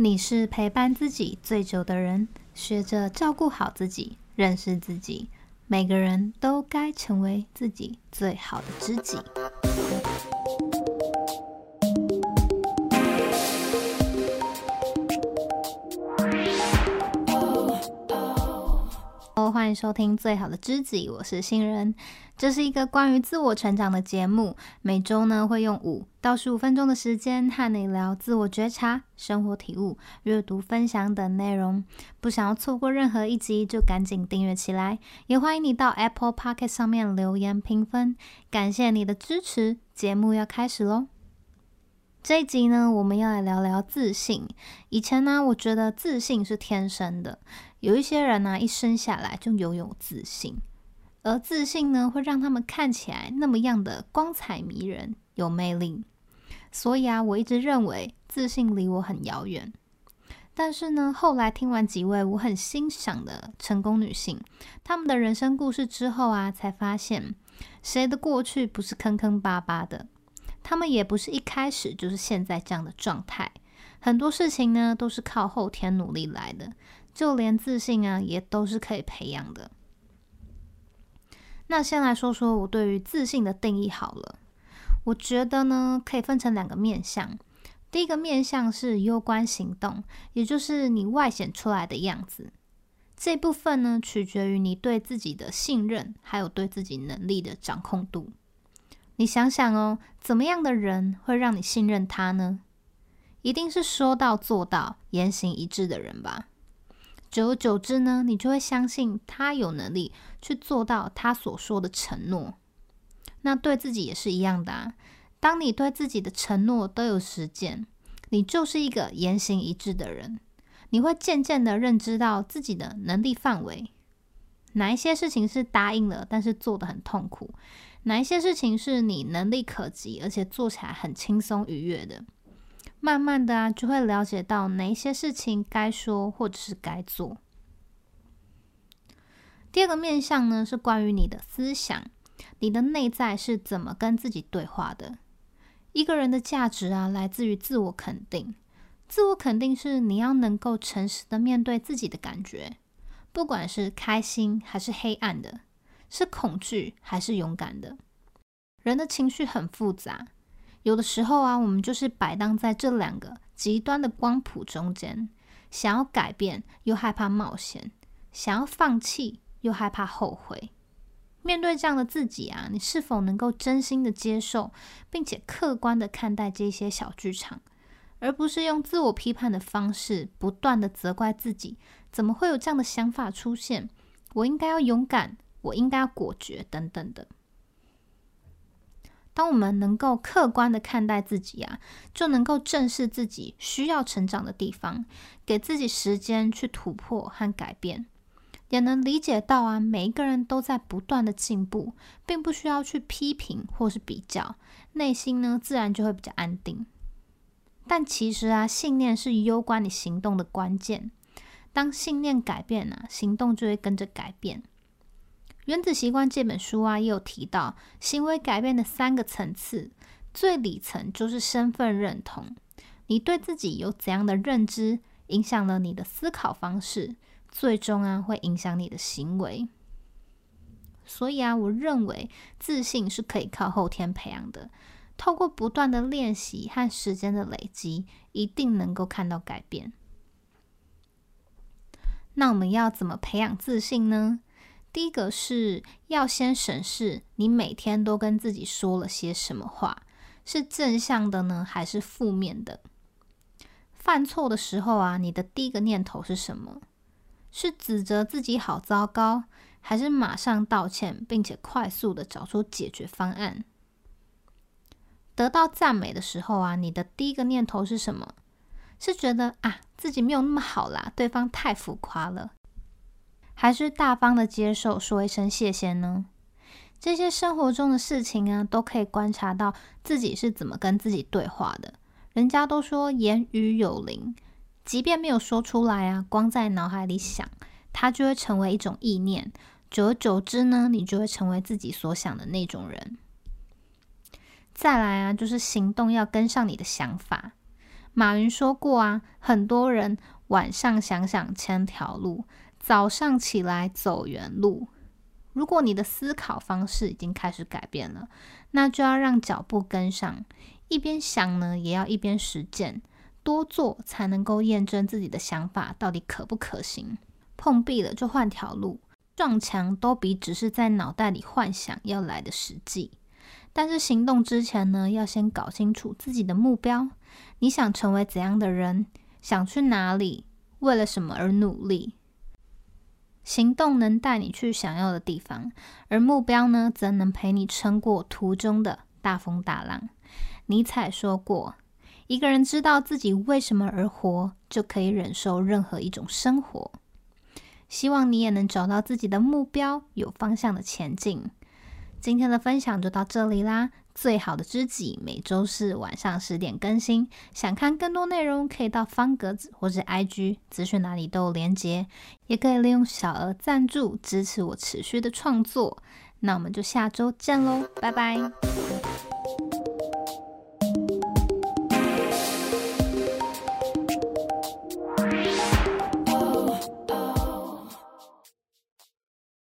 你是陪伴自己最久的人，學着照顧好自己，認識自己。每個人都該成為自己最好的知己。歡迎收聽《最好的知己》，我是新人。這是一個關於自我成長的節目，每周呢會用五到十五分鐘的時間和你聊自我覺察、生活體悟、閱讀分享等內容。不想要錯過任何一集，就趕緊訂閱起來。也歡迎你到 Apple Pocket 上面留言評分，感謝你的支持。節目要開始嘍！這一集呢，我們要來聊聊自信。以前呢，我覺得自信是天生的，有一些人呢，一生下來就擁有自信，而自信呢，會讓他們看起來那麼樣的光彩迷人、有魅力。所以啊，我一直認為自信離我很遙遠。但是呢，後來聽完幾位我很欣賞的成功女性她們的人生故事之後啊，才發現誰的過去不是坑坑巴巴的。他們也不是一開始就是現在這樣的狀態，很多事情呢都是靠後天努力來的，就連自信啊也都是可以培養的。那先來說說我對於自信的定義好了，我覺得呢可以分成兩個面向，第一個面向是攸關行動，也就是你外顯出來的樣子，這部分呢取決於你對自己的信任，還有對自己能力的掌控度。你想想哦，怎麼樣的人會讓你信任他呢？一定是說到做到、言行一致的人吧。久而久之呢，你就會相信他有能力去做到他所說的承諾。那對自己也是一樣的啊。當你對自己的承諾都有實踐，你就是一個言行一致的人。你會漸漸的認知到自己的能力範圍。哪一些事情是答應了，但是做的很痛苦？哪一些事情是你能力可及，而且做起來很輕鬆愉悅的？慢慢的啊，就會了解到哪一些事情該說或者是該做。第二個面向呢，是關於你的思想，你的內在是怎麼跟自己對話的。一個人的價值啊，來自於自我肯定。自我肯定是你要能夠誠實的面對自己的感覺。不管是開心還是黑暗的，是恐懼還是勇敢的，人的情緒很複雜。有的時候啊，我們就是擺盪在這兩個極端的光譜中間，想要改變又害怕冒險，想要放棄又害怕後悔。面對這樣的自己啊，你是否能夠真心的接受，並且客觀的看待這些小劇場？而不是用自我批判的方式，不斷的責怪自己，怎麼會有這樣的想法出現？我應該要勇敢，我應該要果決，等等的。當我們能夠客觀的看待自己啊，就能夠正視自己需要成長的地方，給自己時間去突破和改變，也能理解到啊，每一個人都在不斷的進步，並不需要去批評或是比較，內心呢，自然就會比較安定。但其實啊，信念是攸關你行動的關鍵。當信念改變了啊，行動就會跟着改變。《原子習慣》這本書啊，也有提到行為改變的三個層次，最底層就是身份認同。你對自己有怎樣的認知，影響了你的思考方式，最終啊，會影響你的行為。所以啊，我認為自信是可以靠後天培養的。透過不斷的練習和時間的累積，一定能夠看到改變。那我們要怎麼培養自信呢？第一個是要先審視你每天都跟自己說了些什麼話，是正向的呢，還是負面的？犯錯的時候啊，你的第一個念頭是什麼？是指責自己好糟糕，還是馬上道歉，並且快速的找出解決方案？得到讚美的時候啊，你的第一個念頭是什麼？是覺得啊自己沒有那麼好啦，對方太浮誇了，還是大方的接受，說一聲謝謝呢？這些生活中的事情啊，都可以觀察到自己是怎麼跟自己對話的。人家都說言語有靈，即便沒有說出來啊，光在腦海裡想，它就會成為一種意念。久而久之呢，你就會成為自己所想的那種人。再來啊，就是行動要跟上你的想法。馬雲說過啊，很多人晚上想想千條路，早上起來走原路。如果你的思考方式已經開始改變了，那就要讓腳步跟上，一邊想呢，也要一邊實踐，多做才能夠驗證自己的想法到底可不可行。碰壁了就換條路，撞牆都比只是在腦袋裡幻想要來得實際。但是行動之前呢，要先搞清楚自己的目標。你想成為怎樣的人？想去哪裡？為了什麼而努力？行動能帶你去想要的地方，而目標呢，則能陪你撐過途中的大風大浪。尼采說過：“一個人知道自己為什麼而活，就可以忍受任何一種生活。”希望你也能找到自己的目標，有方向的前進。今天的分享就到這裡啦！最好的知己每周四晚上十點更新，想看更多內容可以到方格子或者 IG 資訊，哪裡都有連結，也可以利用小額贊助支持我持續的創作。那我們就下周見嘍，拜拜。